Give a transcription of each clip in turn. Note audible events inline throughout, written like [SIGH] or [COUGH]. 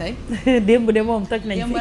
tey. [LAUGHS] démb de moom toj nañ fi démb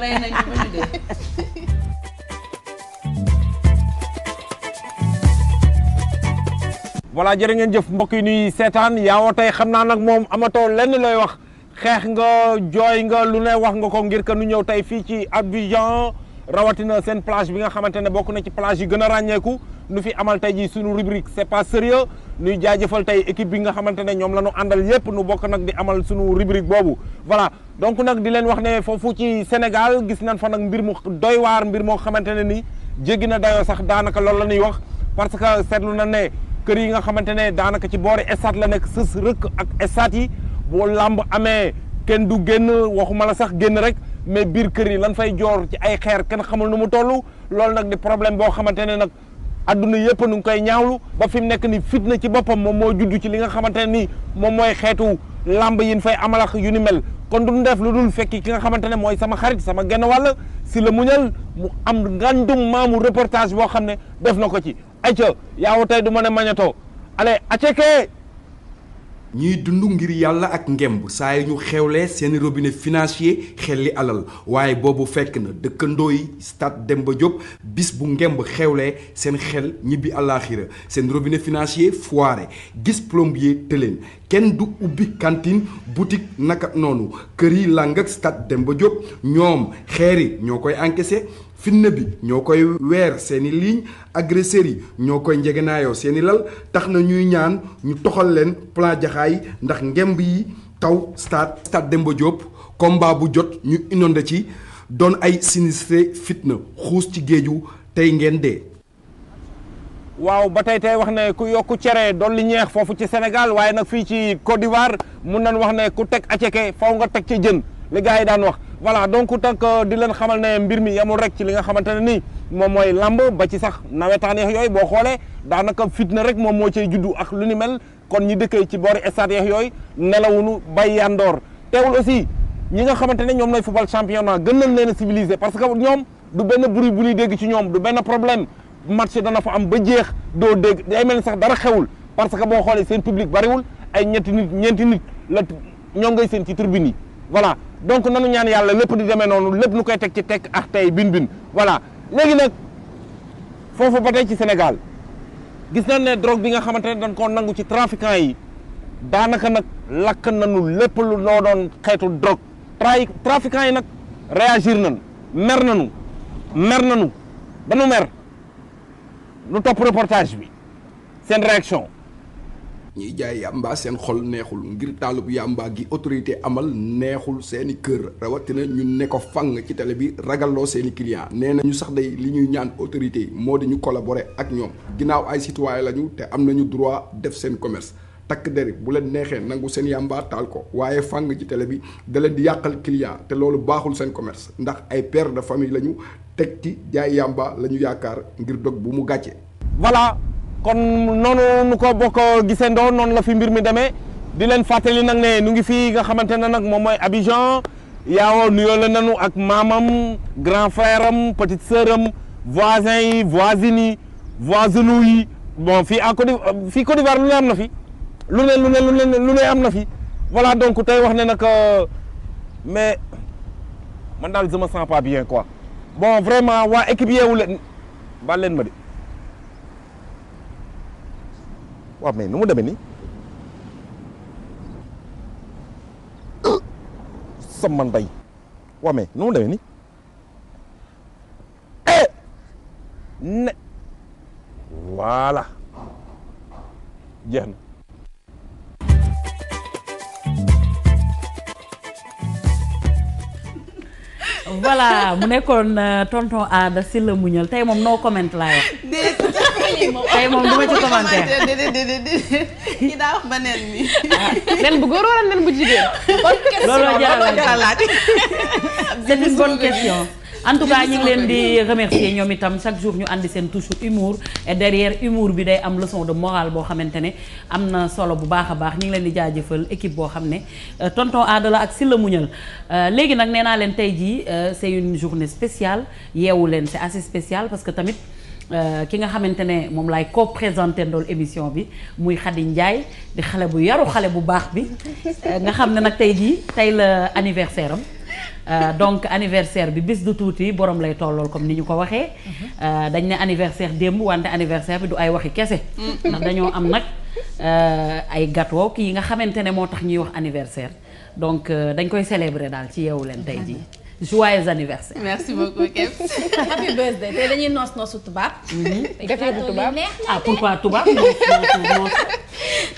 rey [LAUGHS] jëf mbokk yi nuy seetaan yaawoo tey xam naa nag moom amatoo lenn looy wax xeex nga jooy nga lu ne wax nga ko ngir que nu ñëw tey fii ci Abidjan rawatina seen plage bi nga xamante ne bokk na ci plage yi gën a ràññeeku. nu fi amal tey jii suñu rubrique c'est pas sérieux nuy jaajëfal tey équipe bi nga xamante ne ñoom la ñu àndal yépp nu bokk nag di amal suñu rubrique boobu voilà donc nag di leen wax ne foofu ci Sénégal gis nañ fa nag mbir mu doy waar mbir moo xamante ne ni jéggi na dayoo sax daanaka loolu la ñuy wax parce que seetlu na ne kër yi nga xamante ne daanaka ci boori stade la nekk sës rëkk ak stade yi boo làmb amee kenn du génn waxuma la sax génn rek mais biir kër yi lan fay joor ci ay xeer kenn xamul nu mu toll loolu nag problème boo xamante ne nag aduna yëpp nu ngi koy ñaawlu ba fi mu nekk ni fitna ci boppam moom moo juddu ci li nga xamante ne ni moom mooy xeetu làmb yin fay amalax yu ni mel kon du def lu dul fekki ki nga xamante ne mooy sama xarit sama genn wàll si la muñal mu am ngandum maamu reportage boo xam ne def na ko ci. ayca yaaw tey du ma ne mañatoo allez aceke ñuy dund ngir yàlla ak ngemb saa yi ñu xewlee seen robine financier xel alal waaye boobu fekk na dëkkandoo yi stade Demba Diop bis bu ngemb xewlee seen xel ñibbi àllaaxira seen robine financier foiré gis plombier tëleen kenn du ubbi cantine boutique naka noonu kër yi làng ak stade Demba Diop ñoom xeeri ñoo koy encaissé fitna bi ñoo koy weer seeni ligne agresseurs yi ñoo koy njegenaayoo seeni lal tax na ñuy ñaan ñu toxal leen plan jaxaay ndax ngemb yi taw stade stade Demba Diop bu jot ñu inondé ci doon ay sinistré fitna xuus ci géeju tey ngeen dee. waaw ba tey tey wax ne ku yokku cere dolli ñeex foofu ci senegal waaye nag fii ci Côte d'Ivoire mun nañ wax ne ku teg aceke faw nga teg ci jën. li gars yi daan wax voilà donc tant que di leen xamal ne mbir mi yemul rek ci li nga xamante ne nii moom mooy lamb ba ci sax nawetaan yeex yooyu boo xoolee daanaka fitna rek moom moo cay juddu ak lu ni mel kon ñi dëkkee ci boori stade yeex yooyu nelawunu bay yandoor teewul aussi ñi nga xamante ne ñoom nooy football championnat gën nañ leen a parce que ñoom du benn bruit bu ñuy dégg ci ñoom du benn problème match dana fa am ba jeex doo dégg day mel sax dara xewul parce que boo xoolee seen bariwul ay ñetti nit ñeenti nit la ñoom ngay seen ci tribune yi voilà donc nanu ñaan yàlla lépp di demee noonu lépp nu koy teg ci teg ak tey bin bin voilà léegi nag foofu ba tey ci Sénégal gis nañ ne drogue bi nga xamante ne dañ koo nangu ci trafiquant yi daanaka nag lakk nañu lépp lu noo doon xeetu drogue trai trafiquant yi nag réagir nañ mer nañu mer nañu ba mer nu topp reportage bi seen réaction ñiy jaay yàmbaa seen xol neexul ngir taalub yàmbaa gi autorité amal neexul seeni kër rawatina ñu ne ko fang ci télé bi ragaloo seeni client nee na ñu sax day li ñuy ñaan autorité yi moo di ñu collaborer ak ñoom ginnaaw ay citoyen lañu te am na ñu droit def seen commerce takk deri bu leen neexee nangu seen yàmbaa taal ko waaye fang ci tele bi daleen di yàqal client te loolu baaxul seen commerce ndax ay père de famille lañu teg ci jaay yàmbaa la ñu yaakaar ngir dog bu mu gàcce kon noonu nu ko bokk gisandoo noonu la fi mbir mi demee di leen fàttali nag ne nu ngi fii nga xamante ne nag moom mooy Abidjan yaawo nuyoo la nanu ak maamam grand frère am petite sœur am voisins yi voisines yi voisinu yi bon fii à Côte fii Côte d'Ivoire lu ne am na fi lu ne lu ne lu ne lu ne am na fi voilà donc tey wax ne nag euh, mais man daal je me sens pas bien quoi bon vraiment waa équipe yeewu leen baal leen ma de waaw mais nu mu demee nii [COUGHS] sama ndey waaw mais nu mu demee nii eh! ne voilà jeex na voilà mu nekkoon euh, tonton Ada Sylla muñal tey moom no comment laa wax tey moom du ma ci commentaire ki daa wax ba nen ni nen bu góor wala nen bu jigéen. looloo jar a laaj c'est une bonne question. en tout cas ñu ngi leen di remercier ñoom itam chaque jour ñu àndi seen touche humour et derrière humour bi day am leçon de morale boo xamante ne am na solo bu baax a baax ñu ngi leen di jaajëfal équipe boo xam ne euh, tonton Adala ak Sylla Muñal euh, léegi nag nee naa leen tey jii euh, c'est une journée spéciale yeewu leen c'est assez spécial parce que tamit Euh, ki nga xamante ne moom laay ko présenté ndool émission bi muy Khady Ndiaye di xale bu yaru xale bu baax bi euh, nga xam ne nag tey jii tey la anniversaire am Euh, donc anniversaire bi bis du tuuti borom lay tollool comme ni ñu ko waxee. Euh, dañ ne anniversaire démb wante anniversaire bi du ay waxi kese. ndax dañoo am nag ay gâteau kii yi nga xamante ne moo tax ñuy wax anniversaire donc dañ koy célébrer daal ci yeewu leen tey jii. joyeux anniversaire. merci beaucoup Kebs. [LAUGHS] happy birthday tey dañuy noos noosu tubaab. dafay mhm. bu tubaab ah pourquoi tubaab noos [LAUGHS] noos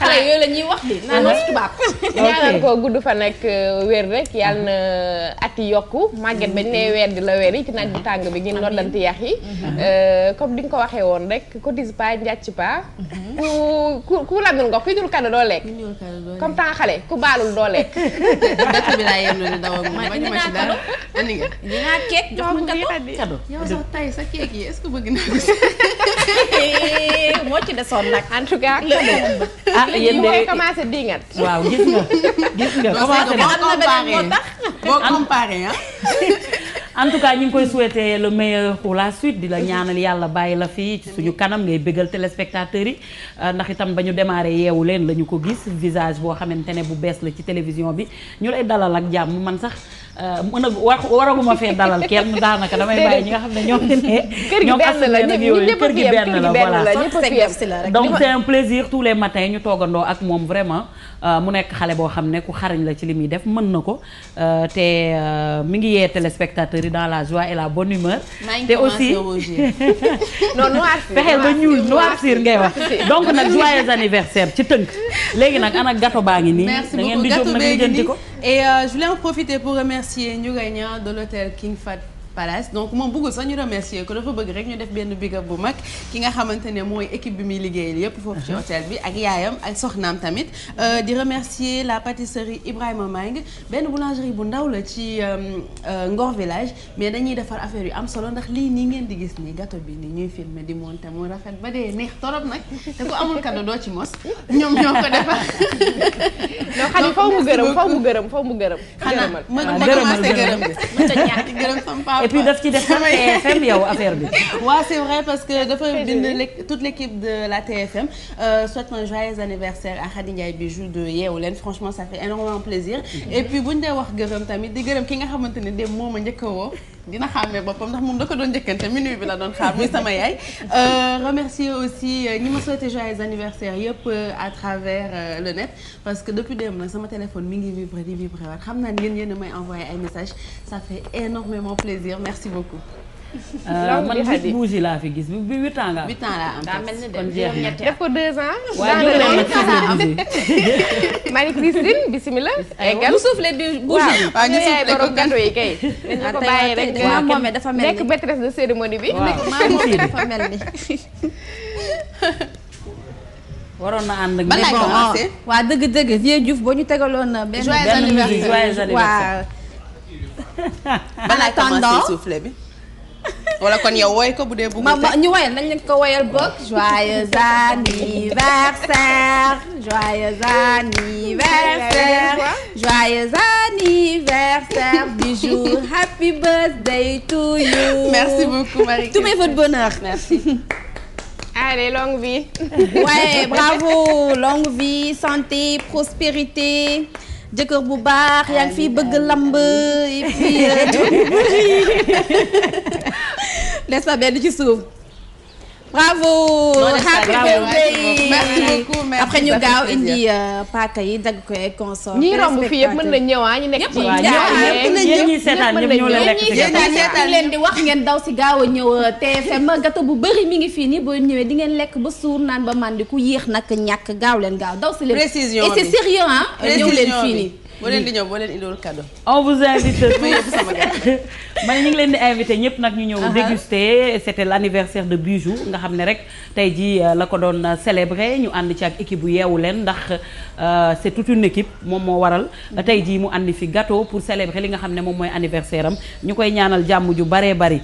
xale yooyu la ñuy wax di naan tubaab [LAUGHS] ñaanal ko gudd fa nag euh, wér rek yàlla na at yokk yokku màgget bañ ne mm-hmm. weer di la weer yi ci nag bu tàng bi ngeen noddanti yax yi mm-hmm. euh, comme di nga ko waxee woon rek cotise pas njàcc pas mm-hmm. ku ku kaddu doo nga dinaa keek jox ma kado yow sax tay sa keek yi est bëgg naa [LAUGHS] moo ci desoon nag. en tout cas ah yéen de commencé waaw gis nga gis nga commencé na boo tax boo comparé ah. en tout ñu ngi koy souhaiter la meilleur pour la suite di la ñaanal yàlla bàyyi la fii ci suñu kanam ngay bégal téléspectateurs yi euh, ndax itam ba ñu démarré yeewu leen la ko gis visage boo xamante ne bu bees la ci télévision bi ñu lay dalal ak jàmm man sax. Euh, mën a wax waraguma fee dalal kenn daanaka damay ñi nga xam ne ñoo ngi ne. kër gi benn la ñëpp kër donc c'est un plaisir tous les matins moom vraiment euh, mu nekk xale boo xam ne ku xarañ la ci li muy def mën na ko euh, te mu ngi yee téléspectateurs yi dans la joie et la bonne humeur. te aussi [LAUGHS] non noir fexeel ba ñuul noir ngay wax [LAUGHS] donc nag joyeux anniversaire ci tënk léegi nag an ana gato baa ngi nii. da ngeen di jóg nag ñu ko. et euh, je voulais en profiter pour remercier Ndiouga Niang de l'hôtel King Fahd Palace donc moom bëggul sax ñu remercier ko dafa bëgg rek ñu def benn big up bu mag ki nga xamante ne mooy équipe bi muy liggéeyal yépp foofu ci uh-huh. hôtel bi ak yaayam ak soxnaam tamit euh, di remercier la pâtisserie Ibrahima Mang benn boulangerie bu ndaw la ci euh, euh, Ngor village mais dañuy defar affaire yu am solo ndax lii nii ngeen di gis nii gâteau bi ni ñuy filmer di monter mu rafet ba dee neex torop nag te ku amul cadeau doo ci mos ñoom ñoo ko defar xam [LAUGHS] faw mu gërëm et puis daf ci def sax TFM yow affaire bi. waaw [LAUGHS] c'est vrai parce que dafa bind toute l'équipe de la TFM euh, souhaite un joyeux anniversaire à Khady Ndiaye Bijou de Yeewu Leen franchement ça fait énormément plaisir mm-hmm. et puis buñ dee wax gërëm tamit di gërëm ki nga xamante ne dem moom a njëkk a woo dina xàmmee boppam ndax moom da ko doon mu minuit bi la doon xaar muy sama yaay. [LAUGHS] Euh, remercie aussi euh, ñi ma souhaité joyeux anniversaire yëpp euh, à travers le net parce que depuis démb nag sama téléphone mi ngi vibré di vibré waat xam naa ne yéen yéen a may envoyé ay message ça fait énormément plaisir merci beaucoup. Euh, man huit bougies fi gis bi huit ans nga am. huit ans laa am daa mel ni def ko deux ans. waaw jóge leen nag six bougies. Marie Christine bisimilah. bi bougie. kay. dañu ko bàyyi rek moom dafa mel ni nekk de cérémonie bi. waaw moom dafa ni. [LAUGHS] waroon na ànd ak ban laay commencé ah. waa dëgg dëgg vieux Diouf boo ñu tegaloon euh, benn. joyeux anniversaire joyeux anniversaire waaw. ban bi. wala kon yow woy ko bu dee bëgg. ma ñu leen ko woyal bokk. joyeux anniversaire joyeux anniversaire joyeux anniversaire du happy birthday to you. merci beaucoup Marie. tous mes vœux bonheur. merci. bravo, longue santé, prospérité. jëkkër bu baax yaa ngi fi bëgg [LAUGHS] les fa benn ci suuf. bravo happy birthday merci beaucoup après ñu gaaw indi euh, paaka yi dagg ko ay consort. ñi romb fii yëpp mën nañ ñëwaa ah, ñu nekk ci yéen ñi seetaan ñëpp ñoo leen lekk ci gàttal leen ngeen daw si gaaw a ñëw TFM gâteau bu bëri mi ngi fii nii boo ñëwee di ngeen lekk ba suur naan ba màndi ku yéex nag ñàkk gaaw leen gaaw daw si leen précision bi et sérieux ah ñëw leen fii nii boo leen di ñëw boo leen indiwoon cadeau. on vous invite [LAUGHS] tous sama man ñu ngi leen di invité ñëpp nag ñu ñëw uh-huh. déguster c'était l'anniversaire de Bijou nga xam ne rek tey jii euh, la ko doon euh, célébrer ñu ànd ci ak équipe bu yeewu leen ndax euh, c'est toute une équipe moom moo waral mm-hmm. tey jii mu àndi fi gâteau pour célébrer li nga xam ne moom mooy anniversaire am ñu koy ñaanal jàmm ju baree bari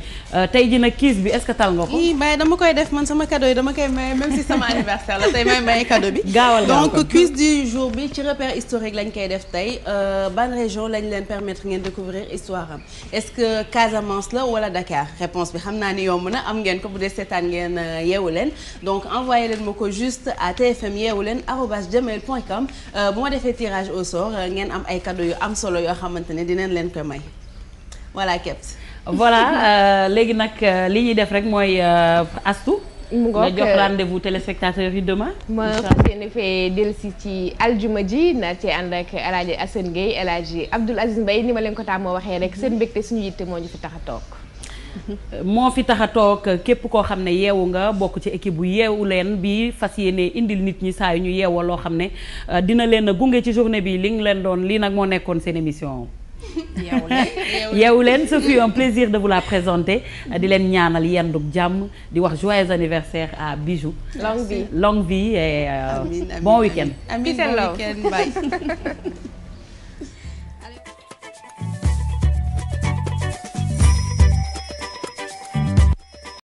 tey jii nag kiis bi est que tal nga ko. ii dama koy def man sama cadeau yi dama koy maye la tey may maye cadeau bi. gaawal donc kiis du bi ci repère historique lañ koy def tey Euh, bann région lañ leen permettre ngeen découvrir histoire am est-ce que Casamance la wala Dakar réponse bi xam naa ni yomb na am ngeen ko bu dee seetaan ngeen euh, yeewu leen donc envoyé leen ma ko juste à tfm yeewu leen arobase gmail point com euh, bu ma defee tirage au sort ngeen am ay cadeau yu am solo yoo xamante ne dinañ leen koy may voilà Kebs voilà léegi nag li ñuy def rek mooy astu nga jox euh, rendez-vous téléspectateurs yi dema ma fas yéene fee dellusi ci aljuma ji na cee ànd ak El Hadj Assane Gueye El Hadj Abdoul Aziz Mbaye ni ma leen ko moo waxee rek seen mbégte suñu yitte moo ñu fi tax a toog. [LAUGHS] moo fi tax a toog képp koo xam ne yeewu nga bokk ci équipe bu yeewu leen bi fas yéene indil nit ñi saa yu ñu yeewoo loo xam ne euh, dina leen gunge ci journée bi li nga leen doon lii nag moo nekkoon seen émission. yeewu leen ce plaisir de vous la présenter di leen ñaanal yenduk jàmm di wax joyeux anniversaire à Bijou longue vie longue euh, bon week [LAUGHS]